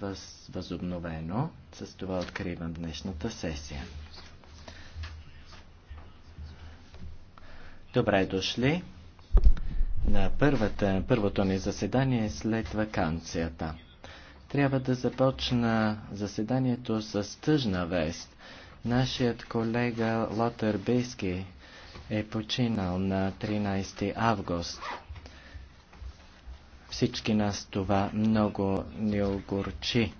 въз, възобновено. С това откривам днешната сесия. Добре дошли на първата, първото ни заседание след вакансията. Трябва да започна заседанието с тъжна вест. Нашият колега Лотър Бейски е починал на 13 август. Всички нас това много ни огорчи.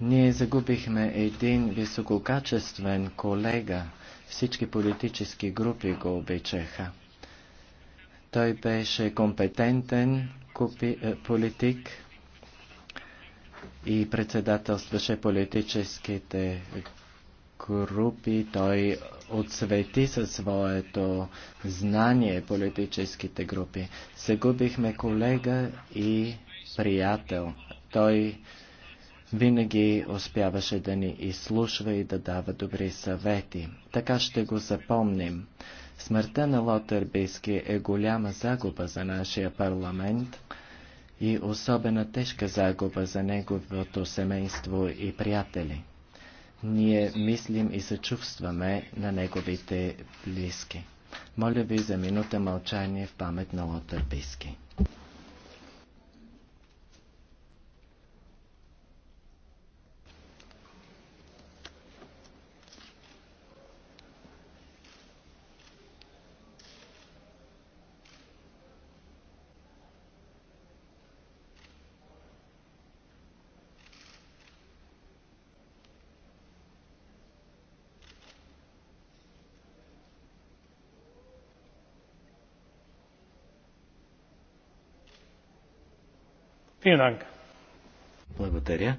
Ние загубихме един висококачествен колега. Всички политически групи го обичаха. Той беше компетентен купи, е, политик и председателстваше политическите групи. Той отсвети със своето знание политическите групи. Загубихме колега и приятел. Той винаги успяваше да ни изслушва и да дава добри съвети. Така ще го запомним. Смъртта на Лотър Биски е голяма загуба за нашия парламент и особена тежка загуба за неговото семейство и приятели ние мислим и съчувстваме на неговите близки. Моля ви за минута мълчание в памет на Лотър Биски. Благодаря.